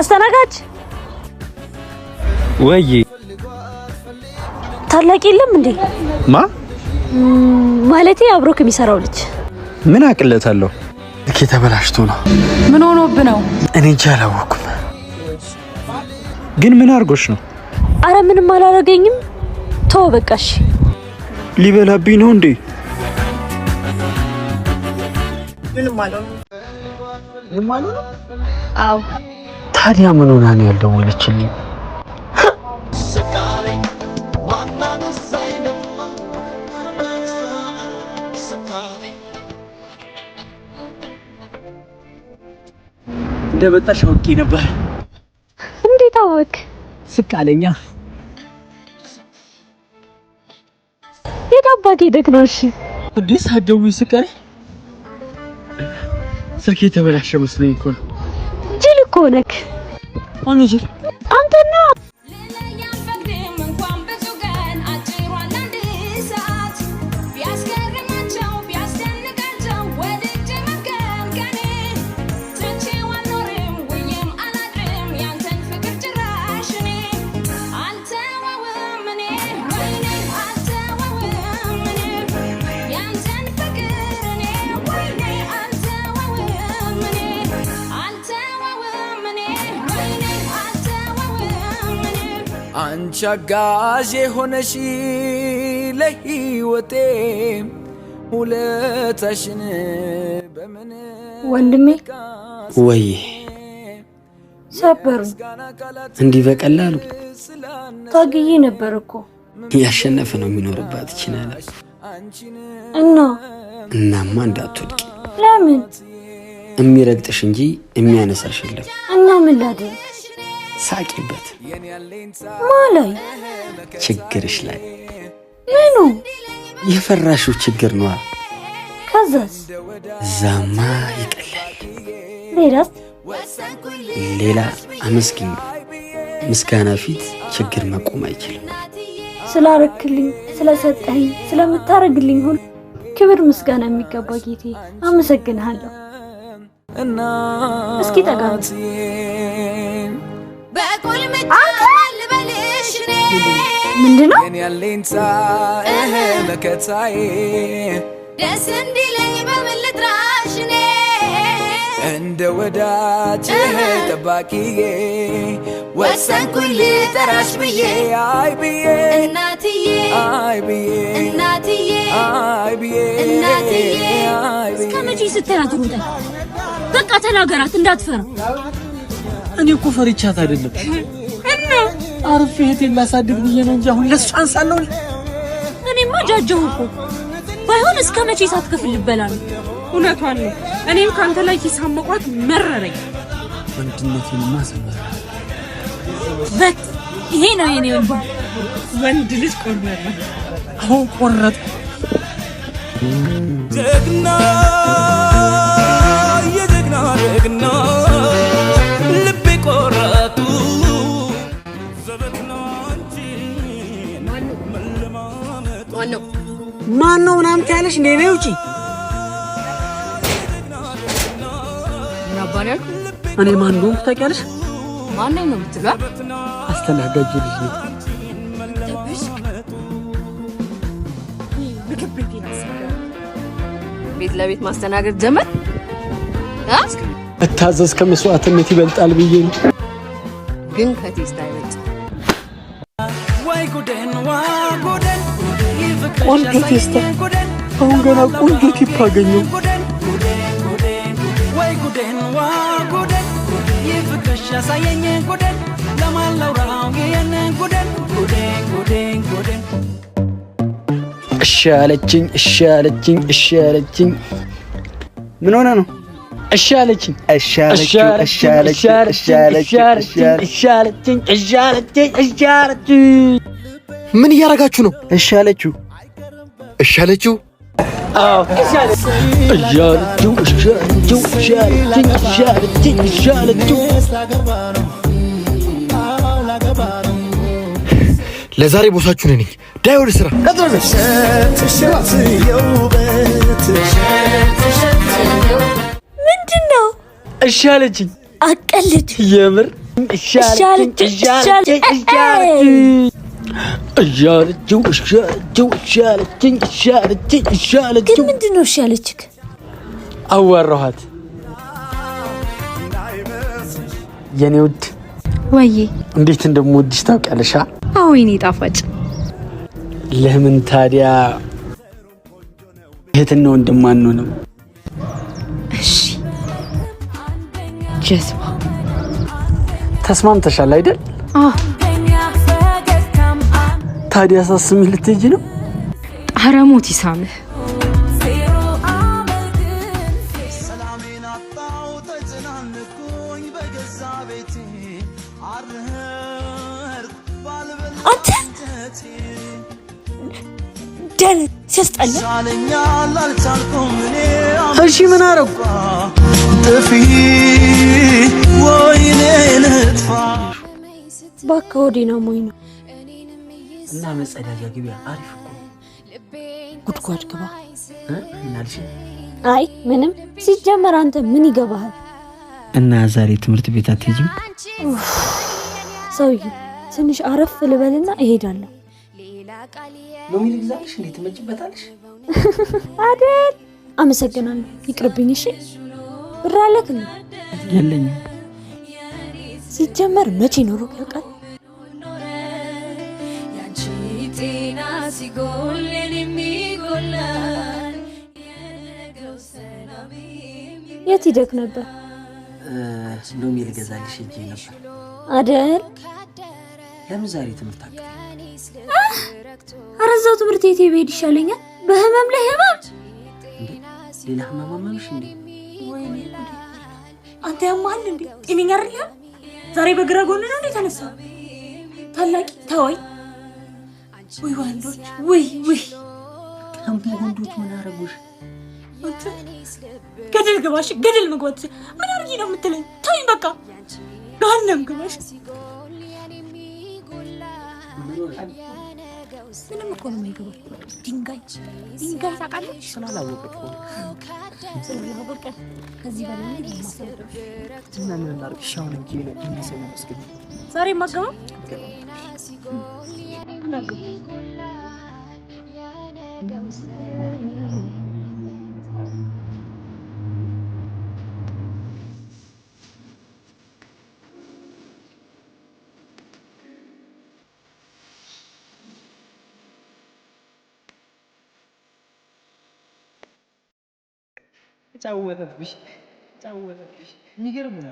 አስተናጋጅ ወይ ታላቅ የለም እንዴ? ማ ማለቴ አብሮክ የሚሰራው ልጅ ምን አቅለታለሁ? ልኬ ተበላሽቶ ነው። ምን ሆኖብ ነው? እኔ እንጂ አላወኩም። ግን ምን አድርጎሽ ነው? አረ ምንም አላረገኝም። ተው በቃሽ። ሊበላብኝ ነው እንዴ? ምንም አለው። ምንም አለው። አዎ ታዲያ ምን ሆና ነው ያልደወለችልኝ? እንደመጣሽ አውቄ ነበር። እንዴት አወቅ? ስቅ አለኛ። የዳባቴ ደግሞ እሺ፣ እንዴ ሳትደውይ ስቅ አለኝ። ስልክ የተበላሸ መስሎኝ እኮ ነው። ጅል እኮ ነክ Anneciğim. አንቺ አጋዥ የሆነሽ ለሕይወቴ ውለታሽን በምን ወንድሜ ወይ ሰበሩ እንዲህ በቀላሉ ታግዬ ነበር እኮ ያሸነፈ ነው የሚኖርባት ይችላል እና እናማ እንዳትወድቂ ለምን የሚረግጥሽ እንጂ የሚያነሳሽ የለም እና ምን ላድርግ ሳቂበት። ማላይ ችግርሽ ላይ ምኑ የፈራሹ ችግር ነዋ። ከዛስ? ዛማ ይቀላል። ሌላስ? ሌላ አመስግኝ። ምስጋና ፊት ችግር መቆም አይችልም። ስላረክልኝ፣ ስለሰጠኝ፣ ስለምታረግልኝ ሁሉ ክብር ምስጋና የሚገባ ጌቴ አመሰግንሃለሁ። እስኪ ጠጋ ምንድነው ያለኝ መከታዬ ደስ እንዲለኝ በምን ልጥራሽ እኔ እንደ ወዳጅ ጠባቂዬ ወሰንኩኝ ልጠራሽ ብዬ አይ ብዬ እናትዬ አይ ብዬ እናትዬ አይ ብዬ እናትዬ እስከ መቼ ስትላት ሩጠ በቃ ተናገራት እንዳትፈራ እኔ እኮ ፈሪቻት አይደለም አርፌ እህቴን ላሳድግ ብዬ ነው እንጂ አሁን ለሱ ቻንስ አለው። እኔማ ጃጀሁ እኮ ባይሆን እስከ መቼ ሳትከፍል ልበላ ነው? እውነቷን ነው። እኔም ከአንተ ላይ ሂሳብ መቁረጥ መረረኝ። ወንድነቴን ማሰበረ በት ይሄ ነው የኔ ወንድ ወንድ ልጅ ቆረጠ። አሁን ቆረጥ ጀግና ብለሽ ነይ ነይ ውጪ። እኔ ማን እንደሆንኩ ታውቂያለሽ? ማን ነው የምትለው? አስተናጋጅ ልጅ ነው። ቤት ለቤት ማስተናገድ ጀመር። እታዘዝ ከመስዋዕትነት ይበልጣል ብዬ ነው። ግን ከቴስታ ይበልጥ ወይ ጉደን ዋ ጉደን አሁን ገና ቆንጆ ቲፕ አገኘው። እሺ አለችኝ፣ እሺ አለችኝ፣ እሺ አለችኝ። ምን ሆነ ነው? እሺ አለችኝ፣ እሺ አለችኝ፣ ምን እያደረጋችሁ ነው? እሺ አለችው፣ እሺ አለችው ለዛሬ ቦሳችሁን ነኝ። ዳይ ወደ ስራ ምንድን ነው? እሺ አለችኝ። አቀልድ የምር እሺ አለችኝ። እሻለችው እሻለችው እሻለችኝ እሻለችኝ እሻለችው። ግን ምንድን ነው አዋራኋት የኔ ውድ እንዴት እንደምወድሽ ታውቂያለሽ። አዎ የኔ ጣፋጭ። ለምን ታዲያ እህትና ወንድም አንሆንም? እሺ ጀዝባ፣ ተስማምተሻል አይደል? አዎ ታዲያ ሳስሚኝ ልትሄጂ ነው? ጣረ ሞት ይሳምህ። እሺ ምን አረጉ? ጥፊ ወይኔ ነጥፋ። እባክህ ወዲና ሞኝ ነው እና መጸዳጃ ግቢያ አሪፍ እኮ ጉድጓድ ግባ እናልሽ። አይ ምንም ሲጀመር አንተ ምን ይገባሃል? እና ዛሬ ትምህርት ቤት አትሄጂም? ሰውዬ ትንሽ አረፍ ልበልና እሄዳለሁ። ሎሚ ልግዛልሽ እንዴ? ትመጭበታለሽ አይደል? አመሰግናለሁ። ይቅርብኝ። እሺ ብራለክ ነው የለኝም። ሲጀመር መቼ ኖሮ ያውቃል የት ሂደህ ነበር? ሎሚ ልገዛልሽ ሂጅ ነበር አደል? ለምን ዛሬ ትምህርት አቅ ኧረ ትምህርት ቤት ብሄድ ይሻለኛል። በህመም ላይ ህመም፣ ሌላ ህመም አመምሽ እንዴ? አንተ ያማል እንዴ? ጤነኛ አይደለም። ዛሬ በግራ ጎን ነው እንዴ ተነሳ? ታላቂ ተወኝ ውይ ወንዶች ውይ ውይ አንተ ወንዶች ምን አረጉሽ? ገደል ግባሽ፣ ገደል መግባት ምን አርጊ ነው የምትለኝ? ተይኝ በቃ ጋንም ግባሽ። ምንም እኮ ነው የማይገባው። ድንጋይ ድንጋይ ታውቃለች ስላላወቀች ከዚህ በላይ ዛሬ ማገባ 하나도. 짜고에서 무시, 짜고에서 무시. 이게 뭐냐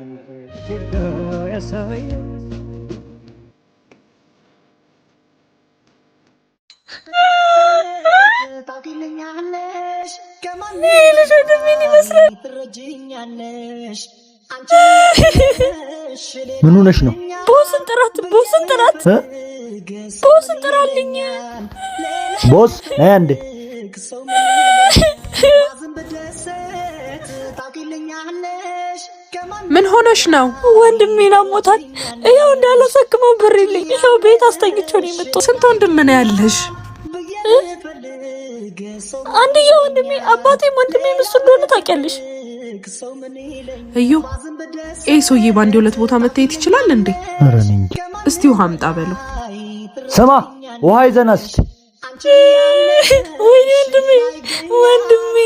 ልጅ ወደ ምን ይመስላል? ምን ሆነሽ ነው? ቦስን ጥራት፣ ቦስን ጥራት፣ ቦስን ጥራልኝ። ቦስ ነይ አንዴ ምን ሆነሽ ነው? ወንድሜን አሞታል። ይኸው እንዳላሳክመው ብር የለኝ። ይኸው ቤት አስተኝቼ ነው የመጣሁት። ስንት ወንድም ነው ያለሽ? አንድዬ ወንድሜ አባቴም ወንድሜ ምስ እንደሆነ ታውቂያለሽ። እዩ ይህ ሰውዬ በአንድ ሁለት ቦታ መታየት ይችላል እንዴ? እስቲ ውሃ አምጣ በለው። ስማ ውሃ ይዘናስ። ወይ ወንድሜ ወንድሜ፣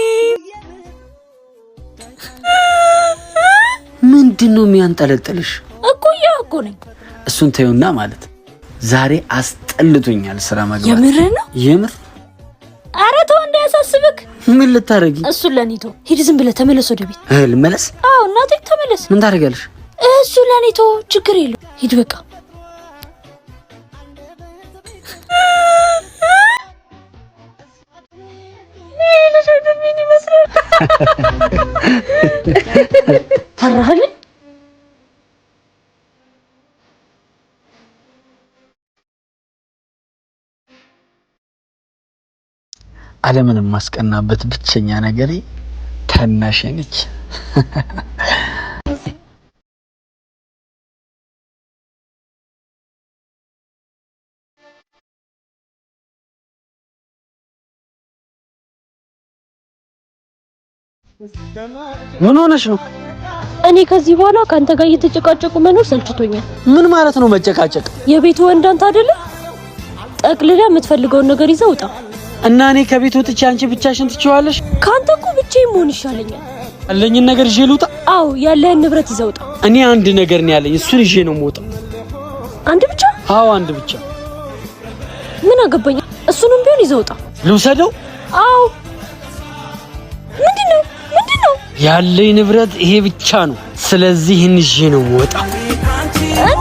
ምንድን ነው የሚያንጠለጥልሽ? እኮ ያ እኮ ነኝ። እሱን ተይውና ማለት ዛሬ አስጠልቶኛል ስራ መግባት። የምር ነው የምር። ኧረ ተው እንዳያሳስብክ። ምን ልታረጊ? እሱን ለእኔ ተው፣ ሂድ ዝም ብለህ ተመለስ ወደ ቤት። ልመለስ? አዎ እናቴ ተመለስ። ምን ታደርጊያለሽ? እሱ ለእኔ ተው፣ ችግር የለው ሂድ በቃ። ይመስላል ዓለምን የማስቀናበት ብቸኛ ነገሬ ታናሽ ነች። ምን ሆነሽ ነው? እኔ ከዚህ በኋላ ከአንተ ጋር እየተጨቃጨቁ መኖር ሰልችቶኛል። ምን ማለት ነው መጨቃጨቅ? የቤቱ ወንድ አንተ አይደለ? ጠቅልላ የምትፈልገውን ነገር ይዘህ ውጣ። እና እኔ ከቤት ወጥቼ አንቺ ብቻሽን ትችዋለሽ? ካንተ እኮ ብቻዬን መሆን ይሻለኛል። ያለኝን ነገር ይዤ ልውጣ። አዎ ያለህን ንብረት ይዘህ ውጣ። እኔ አንድ ነገር ነው ያለኝ፣ እሱን ይዤ ነው የምወጣው። አንድ ብቻ? አዎ አንድ ብቻ። ምን አገባኝ? እሱንም ቢሆን ይዘህ ውጣ። ልውሰደው? አዎ። ምንድነው? ምንድነው? ያለኝ ንብረት ይሄ ብቻ ነው። ስለዚህ ይህን ይዤ ነው የምወጣው።